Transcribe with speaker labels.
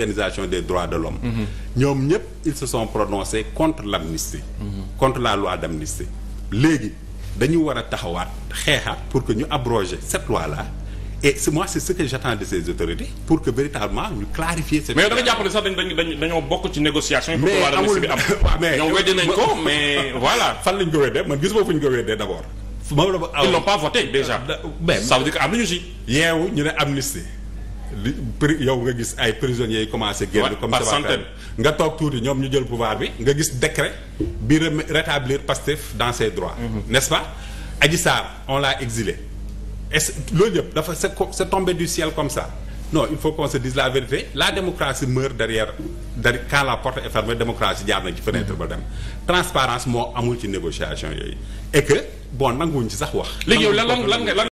Speaker 1: organisation des droits de l'homme ñoom ñëpp ils se sont prononcés contre l'amnistie contre la loi d'amnistie léegi dañu war a taxawaat xeexaat pour que ñu abroger cette loi là et c'est moi c'est ce que j'attends de ces autorités pour que véritablement ñu clarifier cette mais da nga jàpp ne sax dañ dañ dañoo bokk ci négociation yi pour que am mais ñoom weddi ko mais voilà fan lañ ko weddee man gisuma fu ñu ko weddee d'abord moom la ba ils n'ont pas voté déjà ça veut dire que am nañu si yeewu ñu ne amnistie li yow nga gis ay prisonniers yi commencé génn comme ça nga toog tuuti ñoom ñu jël pouvoir bi nga gis décret bi rétablir Pastef dans ses droits mhm. n'est-ce pas Adji Sarr on l'a exilé est-ce loolu yëpp dafa c'est tombé du ciel comme ça non il faut qu'on se dise la vérité la démocratie meurt derrière derrière quand la porte est fermée démocratie jaar nañ ci fenêtre ba dem mhm. transparence moo amul ci négociation yooyu et que bon nanguwuñ ci sax wax léegi yow lan lan lan